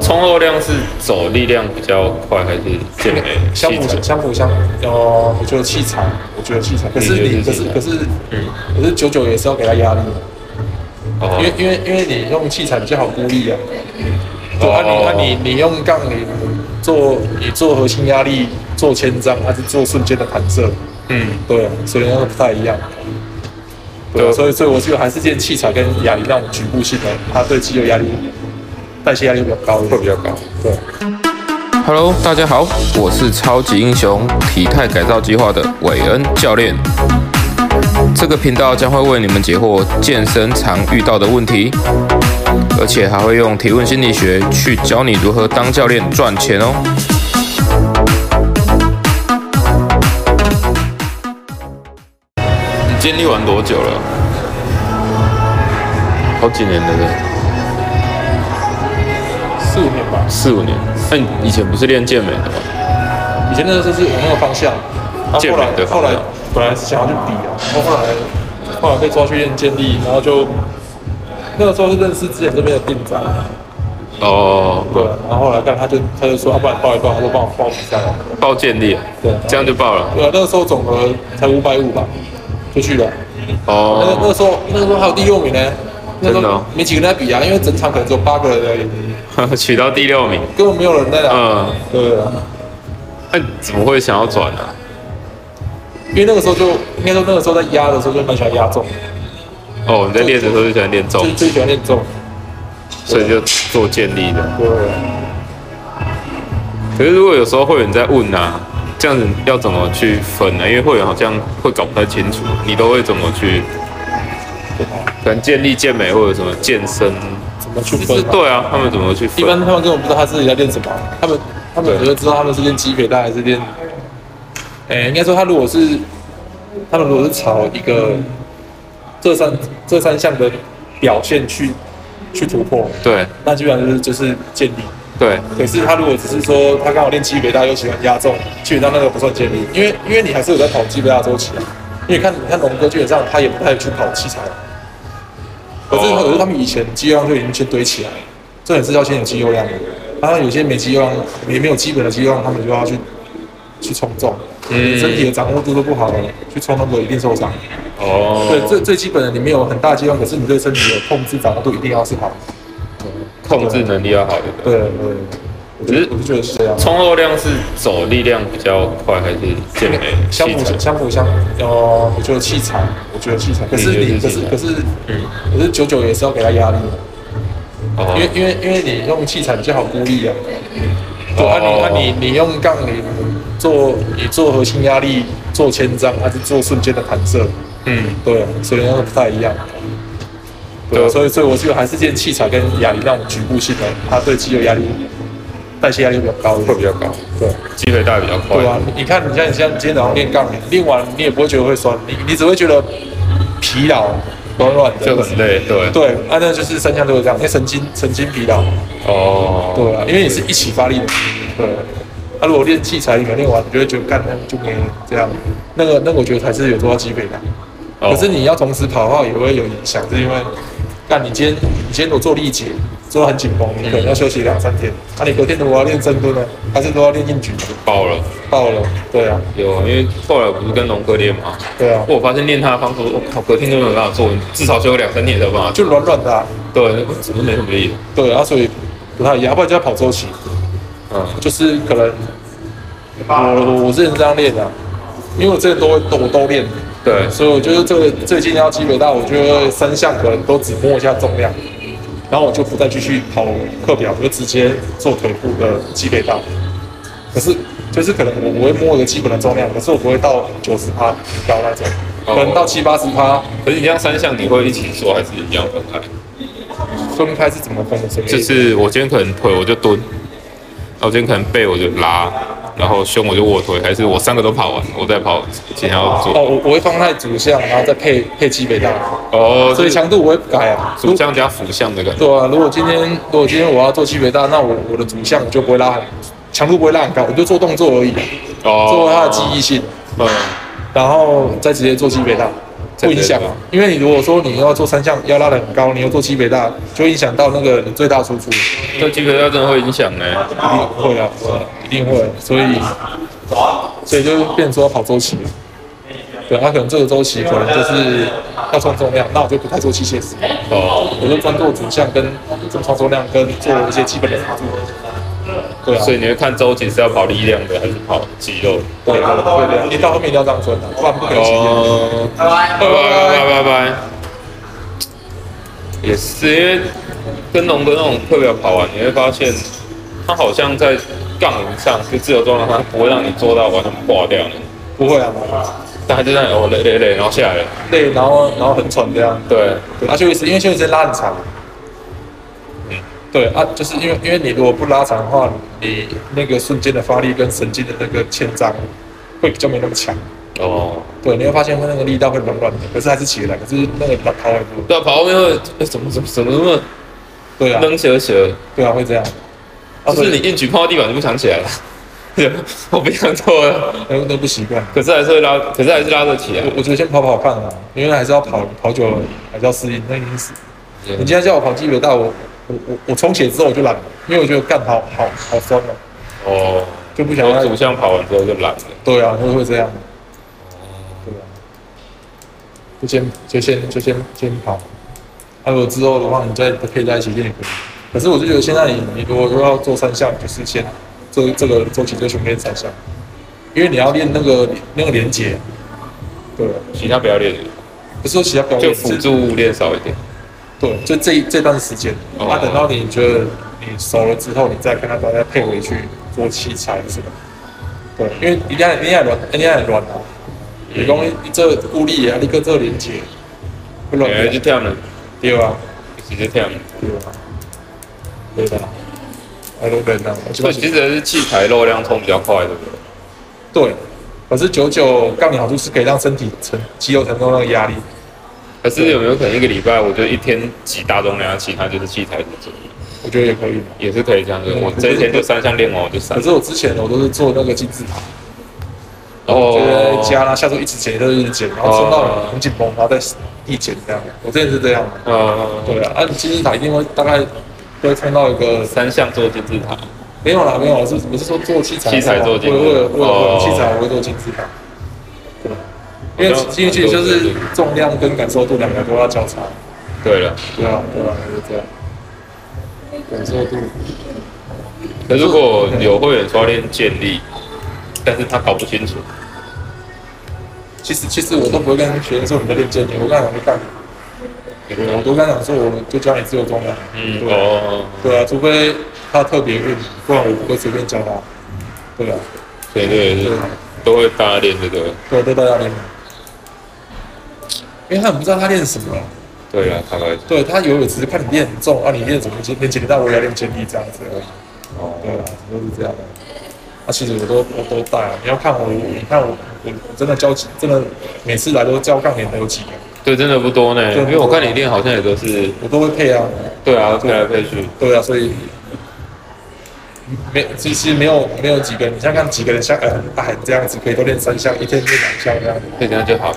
衝量、啊、量是走力量比較快還是健美相相？相輔相輔相、呃、我覺得器材，我覺得器材，可是你你是可是可是嗯，可是、嗯、可是久久也是要給他壓力的，哦，因為因為因為你用器材比較好孤立啊，哦、啊你啊你你用槓鈴做你做核心壓力做千張，他是做瞬間的彈射，嗯，對，所以那個，不太一樣，對對所，所以所以我覺得還是建議，器材跟啞鈴那種局部性的，他對肌肉壓力。代謝壓力比較高，會比較高。對。Hello，大家好，我是超級英雄體態改造計劃的韋恩教練。這個頻道將會為你們解惑健身常遇到的問題，而且還會用提問心理學去教你如何當教練賺錢哦。你健力玩多久了？好幾年了是是，四五年，那你以前不是練健美的嗎？以前那個就是有那個方向，後後來健美的方向後來本來是想要去比啊，然後後來後來被抓去練健力，然後就那個時候是認識之前這邊的店長、啊。哦，oh, 對。對然後後來，他就他就說，要不然報一報，他說幫我報比賽、啊，報健力，對，這樣就報了。對，那個時候總和才五百五吧，就去了。哦。Oh, 那個時候那個時候還有第六名呢。真的？沒幾個人在比啊，哦、因為整場可能只有八個人而已。哈， 取到第六名，根本沒有人在聊。啊、嗯、對啊。那、欸、怎麼會想要轉呢、啊？因為那個時候就應該說，那個時候在壓的時候就很喜歡壓重。哦，你在練的時候就喜歡練重。最喜歡練重。所以就做健力的。對了。可是如果有時候會員在問呢、啊，這樣子要怎麼去分呢？因為會員好像會搞不太清楚，你都會怎麼去？可能健力、健美或者什麼健身。去分對啊，啊，他們怎麼去分？一般他們根本不知道他自己在練什麼。他們他們有時候知道他們是練肌肥大還是練，哎、欸，應該說他如果是他們如果是朝一個這三這三項的表現去去突破，對，那基本上就是就是健力。對，可是他如果只是說他剛好練肌肥大又喜歡壓重，基本上那個不算健力，因為因為你還是有在跑肌肥大週期啊。因為看你看龍哥基本上他也不太去跑器材。可是，可、oh. 是他們以前肌肉量就已經先堆起來，這也是要先有肌肉量的。然後有些沒肌肉量，也沒有基本的肌肉量，他們就要去去衝重，嗯、身體的掌握度都不好了，去衝那麼多一定受傷。哦，oh. 對，最最基本的，你沒有很大的肌肉量，可是你對身體的控制掌握度一定要是好，控制能力要好的對。對對。只是，我就覺得是這樣、啊。衝熱量是走力量比較快，還是健美相輔相輔相哦？我覺得器材，我覺得器材。可是你,你是可是可是嗯，可是久久、嗯、也是要給他壓力的、啊哦。因為因為因為你用器材比較好孤立啊。嗯、啊你哦。那那、啊、你你用槓鈴做你做核心壓力做千張，還是做瞬間的彈射？嗯，對，所以那個不太一樣、啊。對，所以所以我覺得還是建議器材跟啞鈴那種局部性的，它對肌肉壓力。代謝壓力比較高，會比較高，對，肌肥大比較快，對啊。對啊，你看，你像你像今天早上練槓鈴，練完你也不會覺得會酸，你你只會覺得疲勞，軟軟的，就很累，對。對，啊，那就是三項都會這樣，因為神經神經疲勞。哦。對，啊，因為你是一起發力的。對，啊。那如果練器材，你練完你就會覺得干，那就沒這樣。那個，那個我覺得還是有做到機會的。可是你要同時跑的話，也會有影響，哦，是因為。但你今天，你今天我做力竭，做得很緊繃，你可能要休息兩三天。那、嗯啊、你隔天的我要練深蹲呢，還是說要練硬舉？爆了，爆了，有對啊，有啊，因為後來不是跟龍哥練嘛，對啊，不過我發現練他的方式，我、哦、靠，隔天都沒有辦法做，至少只有兩三天才有辦法，就軟軟的辦就軟軟的。對，只是沒什麼力。 對啊，所以不太行，要不然就要跑週期。嗯，就是可能、呃、我我是這樣練的、啊，因為我之前都會動，我都練。對，所以我覺得這個最近要基本上我覺得三項可能都只摸一下重量，然後我就不再繼續跑課表，我就直接做腿部的。基本上，可是就是可能我我會摸一個基本的重量，可是我不會到九十趴很高那種，可能到七八十趴。哦，可是你這樣三項你會一起做，還是一樣分開？分開是怎麼分的？這是我今天可能腿我就蹲。啊、我今天可能背我就拉，然後胸我就臥推，還是我三個都跑完，我再跑今天要做。哦，我我會放在主項，然後再配配肌肥大。哦，所以強度我也改啊，主項加輔項的感覺。對啊，如果今天如果今天我要做肌肥大，那我我的主項就不會拉，很強度不會拉很高，我就做動作而已，哦、做他的記憶性，嗯，然後再直接做肌肥大。不影響啊，因為你如果說你要做三項要拉得很高，你要做肌肥大，就影響到那個你最大輸出。做肌肥大真的會影響，一定會啊，啊嗯、一定會，所以，所以就變成說跑周期。嗯、對，他、啊、可能這個周期可能就是要衝重量，那我就不太做器械式，我就專做主項跟做衝重量跟做一些基本的對，所以你會看週期，是要跑力量的，還是跑肌肉的？對，對，一到後面定要張純了，不不可拜拜拜拜拜拜拜。也是因為跟龍哥那種課表跑完，你會發現他好像在槓鈴上就自由重量，他不會讓你做到完全掛掉不會啊。但他就這樣哦，累累累，然後下來累，然後然後很喘這樣。對，對。啊休息，因為休息時間拉很長。對啊，就是因為因為你如果不拉長的話，你那個瞬間的發力跟神經的那個牽張會比較沒那麼強哦。Oh. 對，你會發現它那個力道會軟軟的，可是還是起來，可是那個跑跑步對啊，跑後面會、啊、怎麼怎麼怎麼那麼對啊，能起來起來。對啊，會這樣。啊、就是你硬舉碰到地板就不想起來了。對， 我不想做，都都、嗯、不習慣。可是還是會拉，可是還是拉得起來我。我覺得先跑跑看啊，因為還是要跑對跑久而已，還是要適應，那個意思。對你今天叫我跑基百大我。我我我重寫之後我就懶了，因為我覺得干好好好酸了。哦，oh, 就不想。主項、oh, 跑完之後就懶了。對啊，會會這樣。哦，對啊。就先就先就先就先跑，還、啊、有之後的話，你再配在一起練也可以。可是我就覺得現在你你如果要做三項，就是先做這個周期就去練三項，因為你要練那個那個連接，對、啊，其他不要練。不是說其他不要練，就輔助練少一點。對就這這段時間，那、oh 啊、等到你覺得你熟了之後，你再跟他把他配回去做器材，是吧？對，因為你也你也亂，你也亂啦。你講你這，孤立你啊，Yeah. 你擱這，這連，連接，不亂。哎，這，忝嘞，對啊，真忝，對吧？S 對吧？哎，對的。所以其實是器材漏量衝比較快，對不對？對，可是九九槓鈴好處是可以讓身體承肌肉承受那個壓力。可是有沒有可能一個禮拜我就一天擠大重量，其他就是器材，我覺得也可以，也是可以這樣子。我之前就三項練完就三。可是我之前我都是做那個金字塔，然後加啦，下週一直減，一直一直減，然後撐到很緊繃，然後再一減這樣。我之前是這樣，嗯，對啊，按金字塔一定會大概會撐到一個。三項做金字塔？沒有啦，沒有，是我是說做器材，器材做金，我我器材我會做金字塔。因為其實，就是重量跟感受度兩個人都要交叉。對了，對了，對啊，對啊，就是這樣。感受度。可如果有會員說要練健力、嗯、但是他搞不清楚。其實其實我都不會跟學生說你在練健力，我剛講會干。嗯、我都剛講說，我就教你自由重量。嗯，對啊了。哦、對啊，除非他特別硬，不然我不會隨便教他。對啊。所以這也是對了都會大家這個對。都搭大家練。打打因為他很不知道他練什麼、啊，對啊，卡卡對他對他有只是看你練很重啊，你練什麼？練練舉力，但我也練健力這樣子哦，對啊，都、就是這樣的。啊，其實我都我都在啊。你要看我，你看我，我真的教，真的每次來都教槓鈴的有幾個對，真的不多呢、欸。對，很因為我看你練好像也都是、啊、我都會配啊。對啊，就配來配去。對啊，所以沒其實沒有沒有幾個你像看幾個人像呃，哎、啊、這樣子可以都練三項，一天練兩項這樣子，對這樣就好了。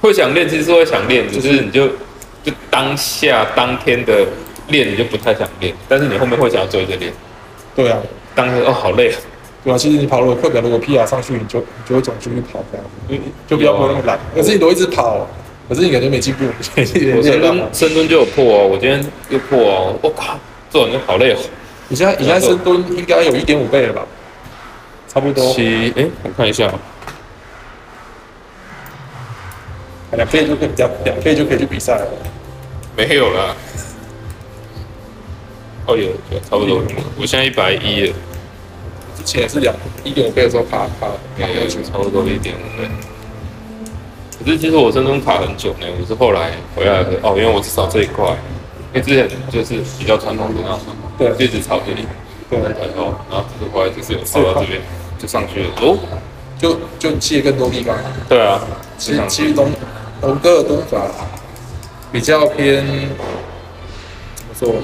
會想練，其實是會想練，就是你就、就是、就當下當天的練，你就不太想練，但是你後面會想要追着練。對啊，當天哦好累啊，對啊，其實你跑了，快跑如果屁啊，PR 上去你就就會總出去跑，就會跑這樣就不要那麼懶。有可是你都一直跑，我可是你感覺沒進步。我深蹲深蹲就有破哦、喔，我今天又破哦、喔，我、喔、靠，做種就好累哦、喔。你現在你現在深蹲應該有一點五倍了吧？差不多。七，哎、欸，我看一下、喔。兩倍就可以比較，兩倍就可以去比賽了。沒有啦。哦，有，差不多，我現在一百一了，之前是兩一點五倍的時候卡卡，對，而且差不多一點五倍，可是其實我真的卡很久呢，我是後來回來的哦，因為我只炒這一塊，因為之前就是比較傳統的那種，對，一直炒這裡，對對對，哦，然後這是回來就是掃到這邊就上去了哦，就就切更多地方，對啊，其實其實都。龍哥的蹲法比較偏，怎麼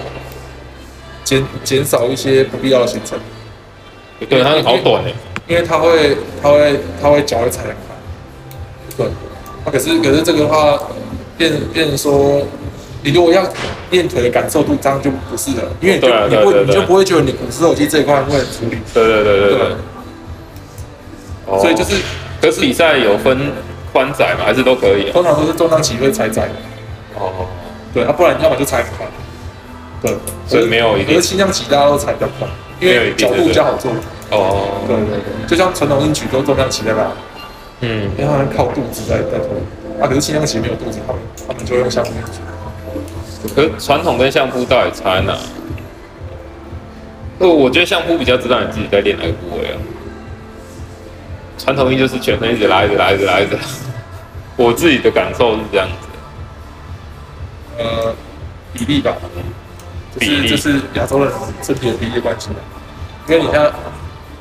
說？減減少一些不必要的行程。對，它會好短，因為它會，它會，它會腳會踩兩塊。對。可是，可是這個的話變變說，你如果要練腿的感受度，這樣就不適合。因為你就你不會，你就不會覺得你股四頭肌這一塊會很出力。對對對對。哦。所以就是，可是比賽有分。寬窄嘛，還是都可以、啊。通常都是重量級會踩窄的。哦對、啊，對，不然要麼就踩很寬。對，所以沒有一定。可是輕量級大家都踩比較寬，因為角度比較好做。哦，對對對，就像傳統硬舉都重量級在哪？嗯，因為好像靠肚子來在在推。啊，可是輕量級沒有肚子好，他們他們就用相撲。可是傳統跟相撲到底差在哪？不、哦，我覺得相撲比較知道你自己在練哪個部位啊。傳統硬就是全身一直拉，一直拉，一直拉，我自己的感受是這樣子的。呃，比例吧，嗯、就是例就是亞洲人身體的比例的關係嘛。因為你像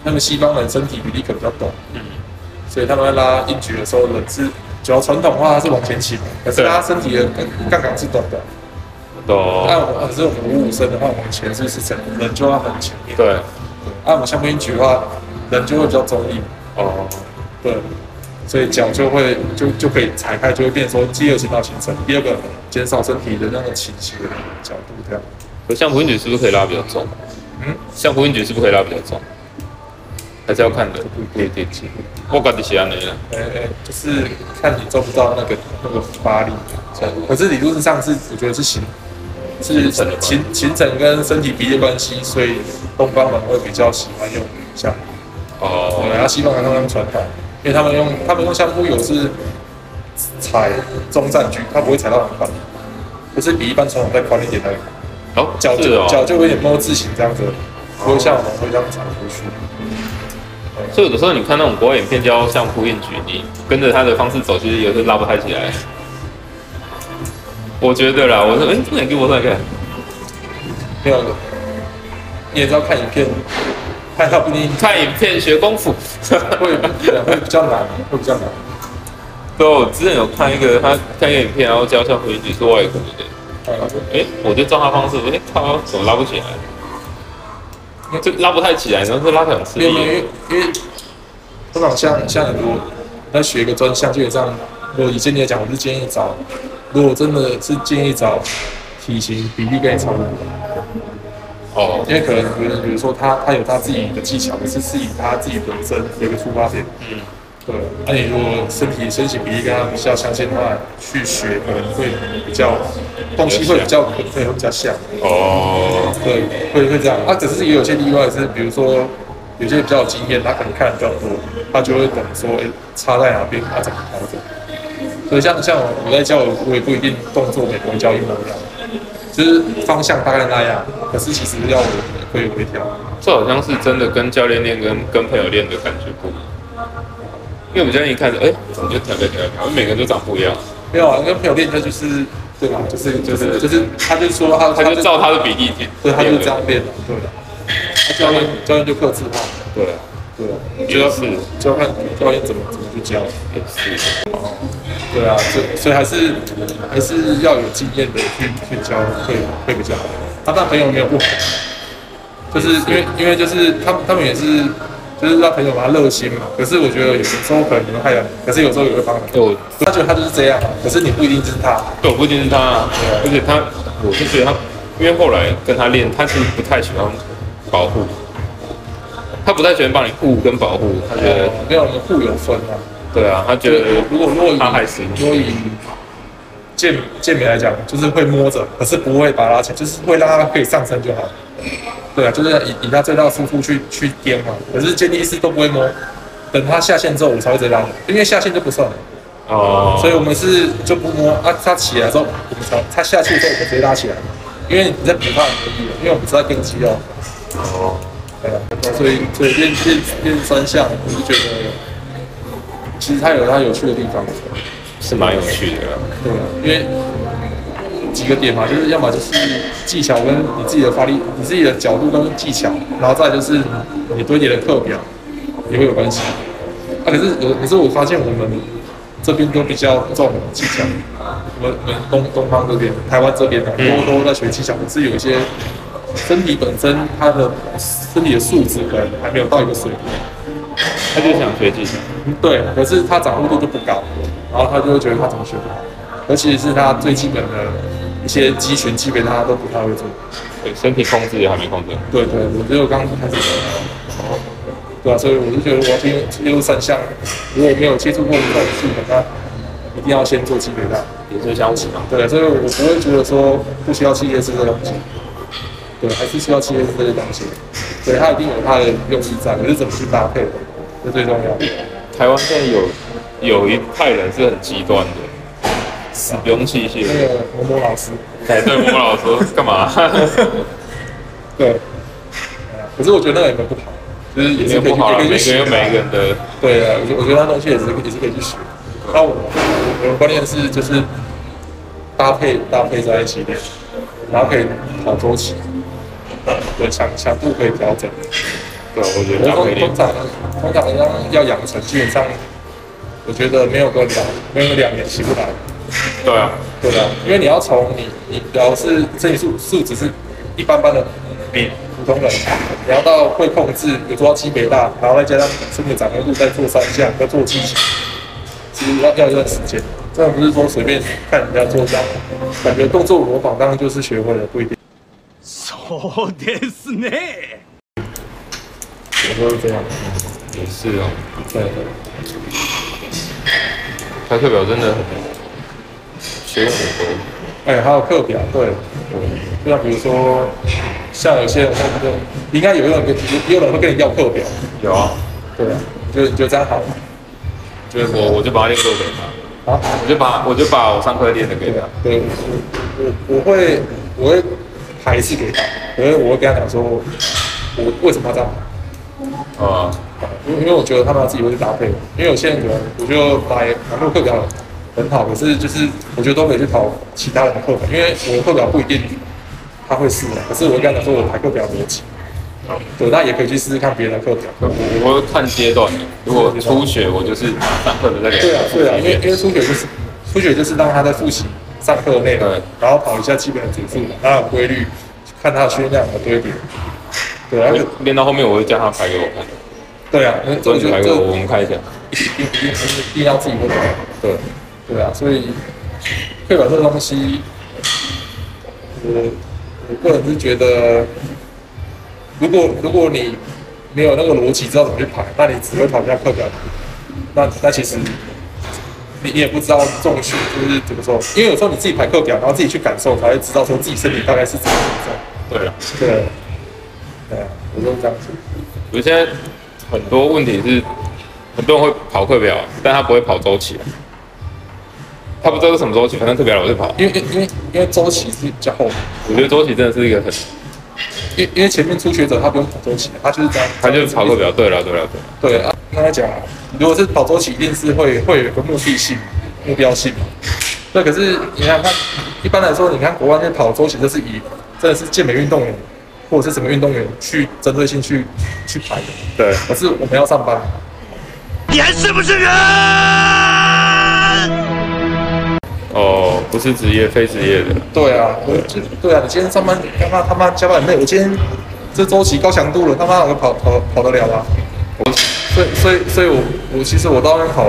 他們西方人身體比例可能比較短，嗯、所以他們拉硬舉的時候，人是要傳統話是往前傾，嗯、可是他身體的槓槓桿是短的。我們對，可、啊、是我們五五身的話，我們前身是怎，人就要很前立。對。按我們相撲硬舉的話，人就會比較中立。哦，對，所以腳就會就就可以踩開，就會變成說第二，次到形成。第二個，減少身體的那個傾斜的角度。這樣，像相撲硬舉是不是可以拉比較重？嗯，像相撲硬舉是不是可以拉比較重？還是要看人，不一定。我感覺像你，誒誒、欸欸、就是看你做不到那個那個發力。可是理論上是我覺得是行，嗯、是行，行程跟身體比例關係，所以東方人會比較喜歡用哦，然後西方人從他們傳開，因為他們用他們用相撲硬舉是踩中站距，他不會踩到很寬，就是比一般傳統再寬一點，的寬腳就腳就有點摸自行這樣子，不會像我們會這樣鏟出去。Oh. 對所以有的時候你看那種國外影片教相撲硬舉，你跟着他的方式走，其實有時候拉不太起來。我覺得對了我說哎，重點給我看看，沒有你也知道看影片。看影，看影片學功夫 會，會比較難，會比較難。對，我之前有看一個，他看一個影片，然後教小朋友舉重，我也覺得，哎、欸，我覺得抓他方式，他、欸、怎麼拉不起來？這拉不太起來，然後這拉很容易。因為因為，就好像像如果要學一個專項，就得這樣。如果以建議來講，我是建議找，如果真的是建議找體型比例跟你差不多。嗯哦，oh. 因為可能比如說他他有他自己的技巧，就是是以他自己本身有個出發點。嗯，mm. 對。那、啊、你如果身體身形比例跟他比較相信的話，去學可能會比較，東西會比較可以、欸、會比較像。哦，oh. 對，會會這樣。他、啊、只是也有些例外是，是比如說有些比較有經驗，他可能看的比較多，他就會懂得說，哎、欸，差在哪邊，他、啊、怎麼調整。所以像像我在教，我也不一定動作每回教一模一樣。就是方向大概那樣，可是其實要會微調。這好像是真的跟教練練跟跟朋友練的感覺不一樣。因為我們教練一看，哎，怎麼就特別特別每個人都長不一樣。沒有啊，跟朋友練他就，就是對吧、啊，就是就是就是，他就說他他就，他就照他的比例去，所以他就是這樣練，對、啊 啊教練。教練教練就客製化對、啊。對，主要是就要看教練怎麼怎麼去教。對啊，所所以還是還是要有經驗的去去教會會比較好。他當、啊、朋友沒有不好，就是因為對因為就是他們他們也是就是讓朋友把他熱心嘛。可是我覺得有時候可能可能害，可是有時候有個方法對，我他覺得他就是這樣，可是你不一定就是他，對，我不一定是他，對而且他，我就覺得他，因為後來跟他練，他是不，是不太喜歡保護。他不太喜歡幫你護跟保護，他覺得、欸、沒有我們護有分啊。對啊，他覺得他如果他還行，所以健健美來講，就是會摸着，可是不會把它拉起來，就是會讓它可以上身就好。對啊，就是以以他最大的輸出去去顛嘛。可是健力士都不會摸，等他下線之後，我才會直接拉來。因為下線就不算了。哦。所以我們是就不摸啊，他起來之後，我們才他下去，我們直接拉起來。因為你在不怕劍帝了，因為我們知道更基哦。嗯、所以，所以練練練三項，我就覺得其實它有它有趣的地方，是蠻有趣的、啊對。對，因為幾個點嘛，就是要麼就是技巧跟你自己的發力，你自己的角度跟技巧，然後再就是你對點的課表也會有關係。啊，可是、呃，可是我發現我們這邊都比較重的技巧、嗯我，我們東東方這邊、台灣這邊的多多在學技巧，可是有一些。身體本身，他的身體的素質可能還沒有到一個水平，他就想學技術，對，可是他掌握度就不高，然後他就會覺得他怎麼學不好，尤其是他最基本的一些肌群，基本上他都不太會做。對，身體控制也還沒控制。對，對對，我只有剛剛開始，的好控對啊，所以我就覺得我要去進入三項，如果沒有接觸過這個技術的話，一定要先做基本上，也是基礎嘛。對，所以我不會覺得說不需要器械這個東西。對，還是需要器械這些東西，所以他一定有他的用意在，可是怎麼去搭配的，這最重要的。台灣現在有有一派人是很極端的，使用器械。啊、那個摩摩老師。哎、欸，對，摩摩老師幹 嘛？對。 可是我覺得那個也不好，就是也是不好。可以去學、啊、每個人的。對啊，我覺得那東西也是也是可以去學。那、啊、我我,我的觀念是就是搭配搭配在一起然後可以跑周期。對，強強、嗯、度可以調整，對，我覺得。然後通常通常要養成，基本上，我覺得沒有多少，沒有兩年起不來。對啊，對啊，因為你要從你你，然後是身體素素質是一般般的，比普通人，你要到會控制，有抓起比較大，然後再加上身體的掌握度，再做三項，要做技巧，其實要要一段時間，這樣不是說隨便看人家做下，感覺動作模仿當然就是學會了，不一定。哦，對，是呢。都是這樣，也是哦。對對。排課表真的學很多。哎，還有課表，對。對。那比如說，像有些人，應該有人也有人會跟你要課表。有、啊。對。就就這樣好了。就是我我就把練課給他。好、啊、我就把我就把我上課練的給他對、啊。對，我我會我會。我會還是給他，所以我會跟他講說，我為什麼要這樣啊？因為因為我覺得他們自己會去搭配，因為我現在可能我就買買課表很好，可是就是我覺得都可以去考其他人的課表，因為我的課表不一定他會試的，可是我跟他講說我課，我買課表沒錢，那、嗯、對也可以去試試看別人的課表。嗯、我我會看階段，如果初學我就是上課的那個對啊對啊，對啊人因為因為初學就是初學就是讓他在複習。上課的內容，然後跑一下基本的組數，它的規律，看它的訓練量的堆疊。對，然後練到後面，我會叫他排給我看。對啊，因為那你排給我，這個、我們看一下。一定一定不是一定要自己會排。對，對啊，對啊，所以課表這個東西，我我個人是覺得，如果如果你沒有那個邏輯知道怎麼去排，那你只會跑一下課表，那那其實。你你也不知道重序，就是怎麼說，因為有時候你自己排課表，然後自己去感受，才會知道說自己身體大概是怎麼一種。對啊 啦，對，對啊，我就是這樣子。有些很多問題是，很多人會跑課表，但他不會跑周期，他不知道是什麼周期，反正特別老是跑因。因為因為因為周期是比較後，我覺得周期真的是一個很，因為因為前面初學者他不用跑周期，他就是這樣，他就是跑課表。對了對了對，對了。對了剛才講，如果是跑週期，一定是會會有個目的性、目標性嘛。對，可是你看、看，那一般來說，你看國外這跑週期，就是以真的是健美運動員或者是什麼運動員去針對性去去排的。對。可是我們要上班，你還是不是人？嗯、哦，不是職業，非職業的。嗯、對啊我，對啊，你今天上班剛剛他媽他媽加班很累，我今天這週期高強度了，他媽我跑跑跑得了啊？我所以，所以，所以我我其實我當然好。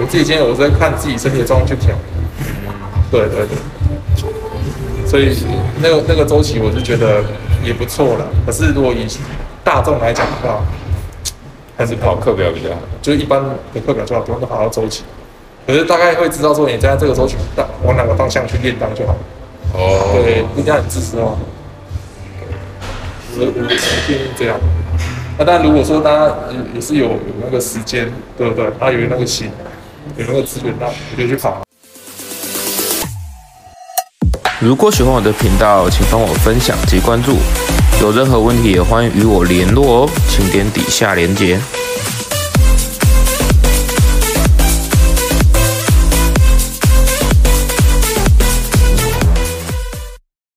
我自己今天我在看自己身體的狀況去調，對對對。所以那個那個周期，我是覺得也不錯了。可是如果以大眾來講的話，還是跑課表比較好。就是一般的課表就好，不用都跑到周期。可是大概會知道說，你在這個周期往哪個方向去練大就好哦。對，一定要很知道。我是建議這樣。那當然，但如果說大家也是有有那個時間，對不對？大家有那個心，有那個資源，你可以去考啊。如果喜歡我的頻道，請幫我分享及關注。有任何問題也歡迎與我聯絡哦，請點底下連結。